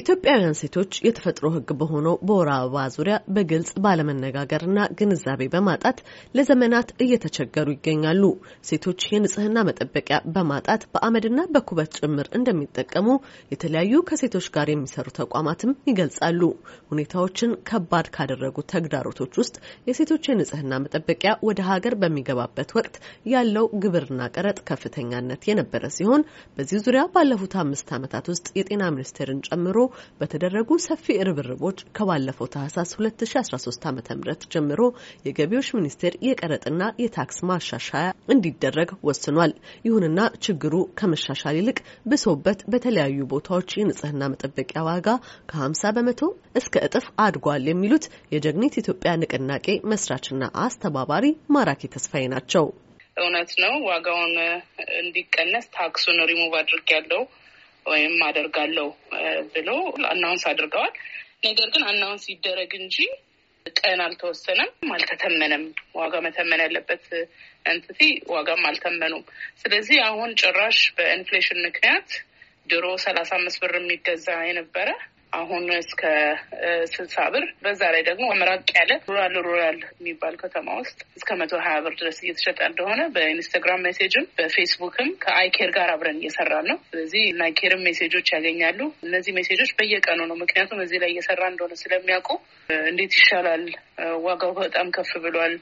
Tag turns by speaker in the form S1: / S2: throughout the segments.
S1: ኢትዮጵያውያን ሴቶች የተፈጥሮ ሕግ በሆነው በወር አበባ ዙሪያ በግልጽ ባለመነጋገርና ግንዛቤ በማጣት ለዘመናት እየተቸገሩ ይገኛሉ። ሴቶች የንጽህና መጠበቂያ በማጣት በአመድና በኩበት ጭምር እንደሚጠቀሙ የተለያዩ ከሴቶች ጋር የሚሰሩ ተቋማትም ይገልጻሉ። ሁኔታዎችን ከባድ ካደረጉ ተግዳሮቶች ውስጥ የሴቶች የንጽህና መጠበቂያ ወደ ሀገር በሚገባበት ወቅት ያለው ግብርና ቀረጥ ከፍተኛነት የነበረ ሲሆን በዚህ ዙሪያ ባለፉት አምስት ዓመታት ውስጥ የጤና ሚኒስቴርን ጨምሮ በተደረጉ ሰፊ ርብርቦች ከባለፈው ታህሳስ 2013 ዓ ም ጀምሮ የገቢዎች ሚኒስቴር የቀረጥና የታክስ ማሻሻያ እንዲደረግ ወስኗል። ይሁንና ችግሩ ከመሻሻል ይልቅ ብሶበት በተለያዩ ቦታዎች የንጽህና መጠበቂያ ዋጋ ከ50 በመቶ እስከ እጥፍ አድጓል የሚሉት የጀግኒት ኢትዮጵያ ንቅናቄ መስራችና አስተባባሪ ማራኪ ተስፋዬ ናቸው።
S2: እውነት ነው። ዋጋውን እንዲቀነስ ታክሱን ሪሙቭ አድርግ ያለው ወይም አደርጋለሁ ብሎ አናውንስ አድርገዋል። ነገር ግን አናውንስ ይደረግ እንጂ ቀን አልተወሰነም፣ አልተተመነም። ዋጋ መተመን ያለበት እንትቲ ዋጋም አልተመኑም። ስለዚህ አሁን ጭራሽ በኢንፍሌሽን ምክንያት ድሮ ሰላሳ አምስት ብር የሚገዛ የነበረ አሁን እስከ ስልሳ ብር በዛ ላይ ደግሞ አመራቅ ያለ ሩራል ሩራል የሚባል ከተማ ውስጥ እስከ መቶ ሀያ ብር ድረስ እየተሸጠ እንደሆነ በኢንስታግራም ሜሴጅም በፌስቡክም ከአይኬር ጋር አብረን እየሰራን ነው። ስለዚህ ናይኬርም ሜሴጆች ያገኛሉ። እነዚህ ሜሴጆች በየቀኑ ነው። ምክንያቱም እዚህ ላይ እየሰራ እንደሆነ ስለሚያውቁ እንዴት ይሻላል፣ ዋጋው በጣም ከፍ ብሏል፣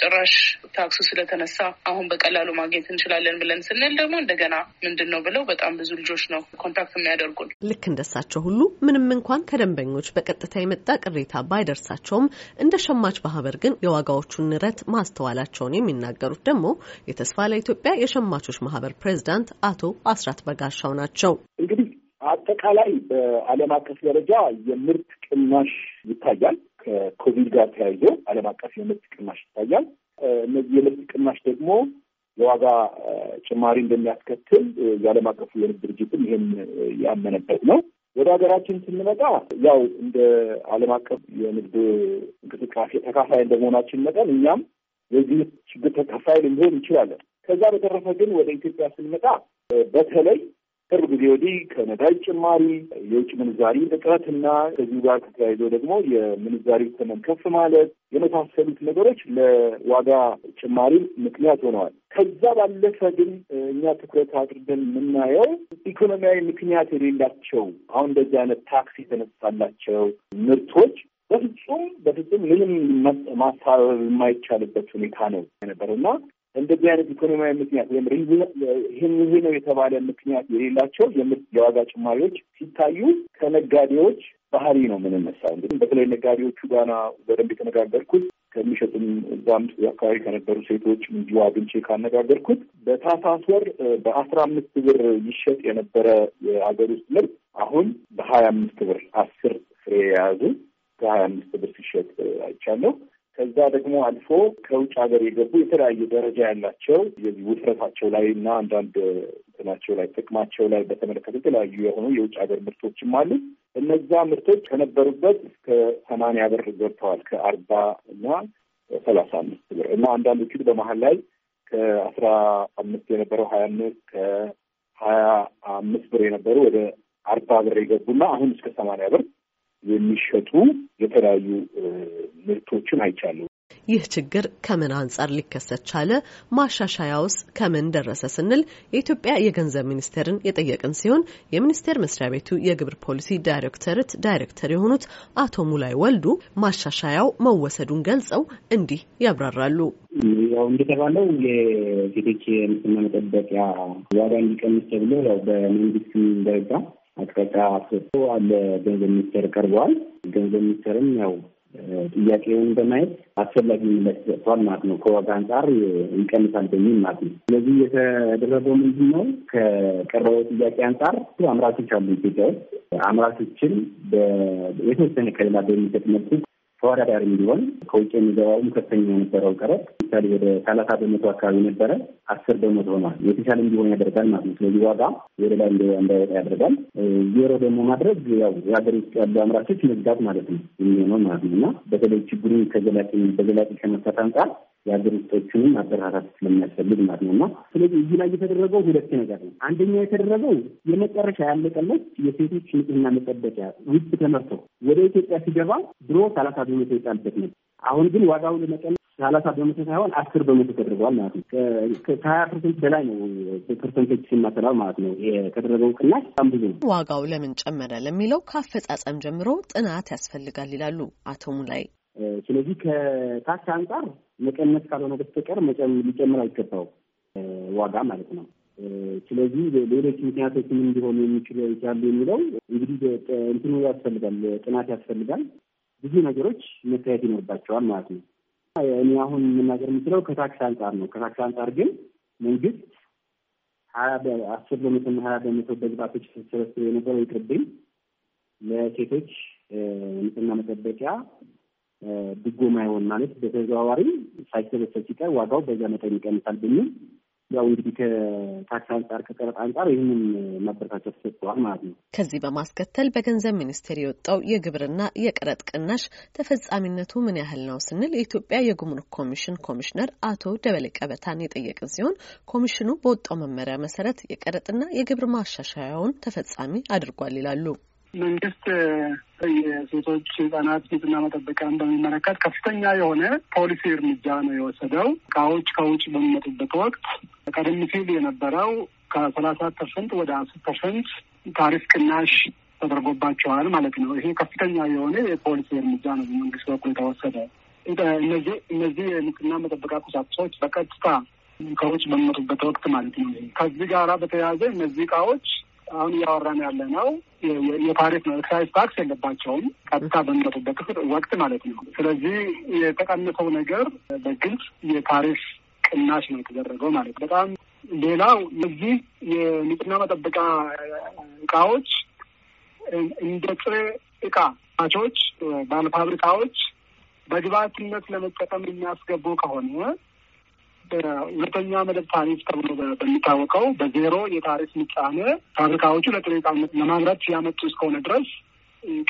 S2: ጭራሽ ታክሱ ስለተነሳ አሁን በቀላሉ ማግኘት እንችላለን ብለን ስንል ደግሞ እንደገና ምንድን ነው ብለው በጣም ብዙ ልጆች ነው ኮንታክት የሚያደርጉን።
S1: ልክ እንደሳቸው ሁሉ ምንም እንኳን ከደንበኞች በቀጥታ የመጣ ቅሬታ ባይደርሳቸውም እንደ ሸማች ማህበር ግን የዋጋዎቹን ንረት ማስተዋላቸውን የሚናገሩት ደግሞ የተስፋ ለኢትዮጵያ የሸማቾች ማህበር ፕሬዚዳንት አቶ አስራት በጋሻው ናቸው። እንግዲህ
S3: አጠቃላይ በዓለም አቀፍ ደረጃ የምርት ቅናሽ ይታያል። ከኮቪድ ጋር ተያይዘው ዓለም አቀፍ የምርት ቅናሽ ይታያል። እነዚህ የምርት ቅናሽ ደግሞ የዋጋ ጭማሪ እንደሚያስከትል የዓለም አቀፉ የንግድ ድርጅትም ይህን ያመነበት ነው። ወደ ሀገራችን ስንመጣ ያው እንደ ዓለም አቀፍ የንግድ እንቅስቃሴ ተካፋይ እንደመሆናችን መጠን እኛም የዚህ ችግር ተካፋይ ልንሆን እንችላለን። ከዛ በተረፈ ግን ወደ ኢትዮጵያ ስንመጣ በተለይ ቅርብ ጊዜ ወዲህ ከነዳጅ ጭማሪ፣ የውጭ ምንዛሪ እጥረትና ከዚሁ ጋር ተያይዞ ደግሞ የምንዛሪ ተመን ከፍ ማለት የመሳሰሉት ነገሮች ለዋጋ ጭማሪ ምክንያት ሆነዋል። ከዛ ባለፈ ግን እኛ ትኩረት አድርገን የምናየው ኢኮኖሚያዊ ምክንያት የሌላቸው አሁን እንደዚህ አይነት ታክስ የተነሳላቸው ምርቶች በፍጹም በፍጹም ምንም ማሳበብ የማይቻልበት ሁኔታ ነው የነበረው እና እንደዚህ አይነት ኢኮኖሚያዊ ምክንያት ወይም ይህን ይሄ ነው የተባለ ምክንያት የሌላቸው የምርት የዋጋ ጭማሪዎች ሲታዩ ከነጋዴዎች ባህሪ ነው የምንነሳው። እንግዲህ በተለይ ነጋዴዎቹ ጋና በደንብ የተነጋገርኩት ከሚሸጡም እዛም አካባቢ ከነበሩ ሴቶች እንዲሁ አግኝቼ ካነጋገርኩት በታህሳስ ወር በአስራ አምስት ብር ይሸጥ የነበረ የሀገር ውስጥ ምርት አሁን በሀያ አምስት ብር አስር ፍሬ የያዙ ከሀያ አምስት ብር ሲሸጥ አይቻለሁ። ከዛ ደግሞ አልፎ ከውጭ ሀገር የገቡ የተለያየ ደረጃ ያላቸው የዚህ ውፍረታቸው ላይ እና አንዳንድ እንትናቸው ላይ ጥቅማቸው ላይ በተመለከተ የተለያዩ የሆኑ የውጭ ሀገር ምርቶችም አሉ። እነዛ ምርቶች ከነበሩበት እስከ ሰማንያ ብር ገብተዋል። ከአርባ እና ሰላሳ አምስት ብር እና አንዳንዶቹ በመሀል ላይ ከአስራ አምስት የነበረው ሀያ አምስት ከሀያ አምስት ብር የነበሩ ወደ አርባ ብር የገቡና አሁን እስከ ሰማንያ ብር የሚሸጡ የተለያዩ ምርቶችን አይቻሉ።
S1: ይህ ችግር ከምን አንጻር ሊከሰት ቻለ? ማሻሻያውስ ከምን ደረሰ ስንል የኢትዮጵያ የገንዘብ ሚኒስቴርን የጠየቅን ሲሆን የሚኒስቴር መስሪያ ቤቱ የግብር ፖሊሲ ዳይሬክተርት ዳይሬክተር የሆኑት አቶ ሙላይ ወልዱ ማሻሻያው መወሰዱን ገልጸው እንዲህ ያብራራሉ።
S3: ያው እንደተባለው የሴቶች የንጽህና መጠበቂያ ዋጋ እንዲቀንስ ተብሎ ያው በመንግስት ደረጃ አቅጣጫ ሰጥቶ ለገንዘብ ሚኒስቴር ቀርበዋል። ገንዘብ ሚኒስቴርም ያው ጥያቄውን በማየት አስፈላጊ ምላሽ ሰጥቷል ማለት ነው። ከዋጋ አንጻር ይቀንሳል በሚል ማለት ነው። ስለዚህ የተደረገው ምንድን ነው? ከቀረበው ጥያቄ አንጻር አምራቾች አሉ ኢትዮጵያ ውስጥ አምራቾችን የተወሰነ ከሌላ በሚሰጥ መልኩ ተወዳዳሪ እንዲሆን ከውጭ የሚገባውም ከፍተኛ የነበረው ቀረጥ ምሳሌ ወደ ሰላሳ በመቶ አካባቢ ነበረ፣ አስር በመቶ ሆኗል። የተሻለ እንዲሆን ያደርጋል ማለት ነው። ስለዚህ ዋጋ ወደ ላይ እንዳይወጣ ያደርጋል። ዜሮ ደግሞ ማድረግ ያው የሀገር ውስጥ ያሉ አምራቾች መዝጋት ማለት ነው የሚሆነው ማለት ነው እና በተለይ ችግሩን ከዘላቂ በዘላቂ ከመፍታት አንጻር የአገሪቶቹንም ውስጦቹንም አበረታታት ስለሚያስፈልግ ማለት ነው እና ስለዚህ እዚህ ላይ የተደረገው ሁለት ነገር ነው። አንደኛ የተደረገው የመጨረሻ ያለቀለች የሴቶች ንጽህና መጠበቂያ ውስጥ ተመርቶ ወደ ኢትዮጵያ ሲገባ ድሮ ሰላሳ በመቶ የጣልበት ነበር። አሁን ግን ዋጋው ለመቀነስ ሰላሳ በመቶ ሳይሆን አስር በመቶ ተደርገዋል ማለት ነው። ከሀያ ፐርሰንት በላይ ነው ፐርሰንቶች ሲማተላል ማለት ነው። የተደረገው ቅናሽ በጣም ብዙ ነው።
S1: ዋጋው ለምን ጨመረ ለሚለው ከአፈጻጸም ጀምሮ ጥናት ያስፈልጋል ይላሉ አቶ ሙላይ። ስለዚህ ከታክስ አንጻር መቀነስ ካልሆነ
S3: በስተቀር ሊጨምር አይገባው ዋጋ ማለት ነው። ስለዚህ ሌሎች ምክንያቶች ምን እንዲሆኑ የሚችሉ ይችላሉ የሚለው እንግዲህ እንትኑ ያስፈልጋል፣ ጥናት ያስፈልጋል። ብዙ ነገሮች መታየት ይኖርባቸዋል ማለት ነው። እኔ አሁን የምናገር የምችለው ከታክስ አንጻር ነው። ከታክስ አንጻር ግን መንግስት ሀያ በመቶ በመቶና ሀያ በመቶ በግባቶች ተሰበስበው የነበረው ይቅርብኝ ለሴቶች ንጽህና መጠበቂያ ድጎማ ይሆን ማለት በተዘዋዋሪ ሳይሰበሰብ ሲቀር ዋጋው በዛ መጠን ይቀንሳል በሚል ያው እንግዲህ ከታክስ አንጻር ከቀረጥ አንጻር ይህንን መበረታቸው ተሰጥተዋል ማለት
S1: ነው። ከዚህ በማስከተል በገንዘብ ሚኒስቴር የወጣው የግብርና የቀረጥ ቅናሽ ተፈጻሚነቱ ምን ያህል ነው ስንል የኢትዮጵያ የጉምሩክ ኮሚሽን ኮሚሽነር አቶ ደበለ ቀበታን የጠየቅን ሲሆን ኮሚሽኑ በወጣው መመሪያ መሰረት የቀረጥና የግብር ማሻሻያውን ተፈጻሚ አድርጓል ይላሉ።
S4: መንግስት የሴቶች ህጻናት ንጽህና መጠበቂያን በሚመለከት ከፍተኛ የሆነ ፖሊሲ እርምጃ ነው የወሰደው። እቃዎች ከውጭ በሚመጡበት ወቅት ቀደም ሲል የነበረው ከሰላሳ ፐርሰንት ወደ አስር ፐርሰንት ታሪፍ ቅናሽ ተደርጎባቸዋል ማለት ነው። ይሄ ከፍተኛ የሆነ የፖሊሲ እርምጃ ነው በመንግስት በኩል የተወሰደ። እነዚህ እነዚህ የንጽህና መጠበቂያ ቁሳቁሶች በቀጥታ ከውጭ በሚመጡበት ወቅት ማለት ነው። ከዚህ ጋራ በተያያዘ እነዚህ እቃዎች አሁን እያወራን ያለ ነው የፓሪስ ኤክሳይዝ ታክስ የለባቸውም ቀጥታ በሚመጡበት ወቅት ማለት ነው። ስለዚህ የተቀነሰው ነገር በግልጽ የፓሪስ ቅናሽ ነው የተደረገው ማለት ነው። በጣም ሌላው እዚህ የንጽህና መጠበቂያ እቃዎች እንደ ጥሬ እቃ ቻዎች ባለፋብሪካዎች በግብአትነት ለመጠቀም የሚያስገቡ ከሆነ ሁለተኛ መደብ ታሪፍ ተብሎ በሚታወቀው በዜሮ የታሪፍ ምጣኔ ፋብሪካዎቹ ለጥሬ ዕቃነት ለማምረት ያመጡ እስከሆነ ድረስ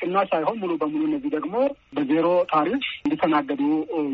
S4: ቅናሽ ሳይሆን ሙሉ በሙሉ እነዚህ ደግሞ በዜሮ ታሪፍ እንዲተናገዱ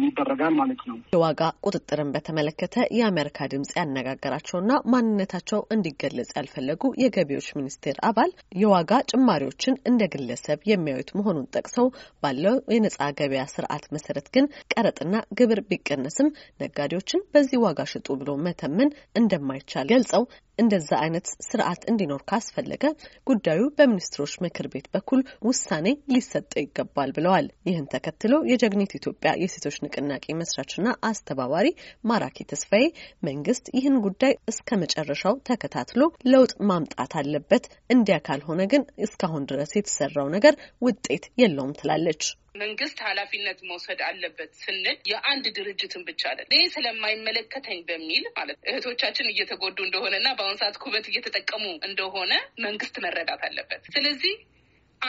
S4: ይደረጋል ማለት ነው።
S1: የዋጋ ቁጥጥርን በተመለከተ የአሜሪካ ድምጽ ያነጋገራቸውና ማንነታቸው እንዲገለጽ ያልፈለጉ የገቢዎች ሚኒስቴር አባል የዋጋ ጭማሪዎችን እንደ ግለሰብ የሚያዩት መሆኑን ጠቅሰው ባለው የነጻ ገበያ ስርዓት መሰረት ግን ቀረጥና ግብር ቢቀነስም ነጋዴዎችን በዚህ ዋጋ ሽጡ ብሎ መተመን እንደማይቻል ገልጸው እንደዛ አይነት ስርዓት እንዲኖር ካስፈለገ ጉዳዩ በሚኒስትሮች ምክር ቤት በኩል ውሳኔ ሊሰጠ ይገባል ብለዋል። ይህን ተከትሎ የጀግኒት ኢትዮጵያ የሴቶች ንቅናቄ መስራችና አስተባባሪ ማራኪ ተስፋዬ መንግስት ይህን ጉዳይ እስከ መጨረሻው ተከታትሎ ለውጥ ማምጣት አለበት፣ እንዲያ ካልሆነ ግን እስካሁን ድረስ የተሰራው ነገር ውጤት የለውም ትላለች።
S2: መንግስት ኃላፊነት መውሰድ አለበት ስንል የአንድ ድርጅትን ብቻ አለ ይህ ስለማይመለከተኝ በሚል ማለት እህቶቻችን እየተጎዱ እንደሆነና በአሁኑ ሰዓት ኩበት እየተጠቀሙ እንደሆነ መንግስት መረዳት አለበት። ስለዚህ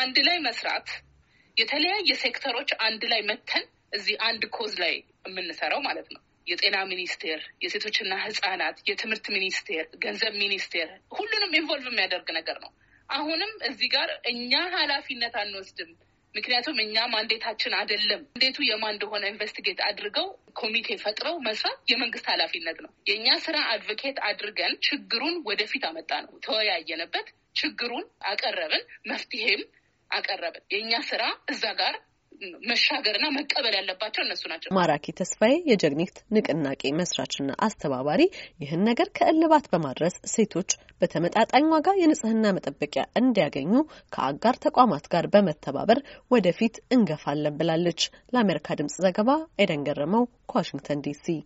S2: አንድ ላይ መስራት የተለያየ ሴክተሮች አንድ ላይ መተን እዚህ አንድ ኮዝ ላይ የምንሰራው ማለት ነው። የጤና ሚኒስቴር፣ የሴቶችና ህጻናት፣ የትምህርት ሚኒስቴር፣ ገንዘብ ሚኒስቴር ሁሉንም ኢንቮልቭ የሚያደርግ ነገር ነው። አሁንም እዚህ ጋር እኛ ኃላፊነት አንወስድም ምክንያቱም እኛም ማንዴታችን አይደለም እንዴቱ የማን እንደሆነ ኢንቨስቲጌት አድርገው ኮሚቴ ፈጥረው መስራት የመንግስት ኃላፊነት ነው። የእኛ ስራ አድቮኬት አድርገን ችግሩን ወደፊት አመጣ ነው። ተወያየንበት፣ ችግሩን አቀረብን፣ መፍትሄም አቀረብን። የእኛ ስራ እዛ ጋር መሻገርና መቀበል ያለባቸው እነሱ ናቸው። ማራኪ
S1: ተስፋዬ የጀግኒት ንቅናቄ መስራችና አስተባባሪ፣ ይህን ነገር ከእልባት በማድረስ ሴቶች በተመጣጣኝ ዋጋ የንጽህና መጠበቂያ እንዲያገኙ ከአጋር ተቋማት ጋር በመተባበር ወደፊት እንገፋለን ብላለች። ለአሜሪካ ድምጽ ዘገባ ኤደን ገረመው ከዋሽንግተን ዲሲ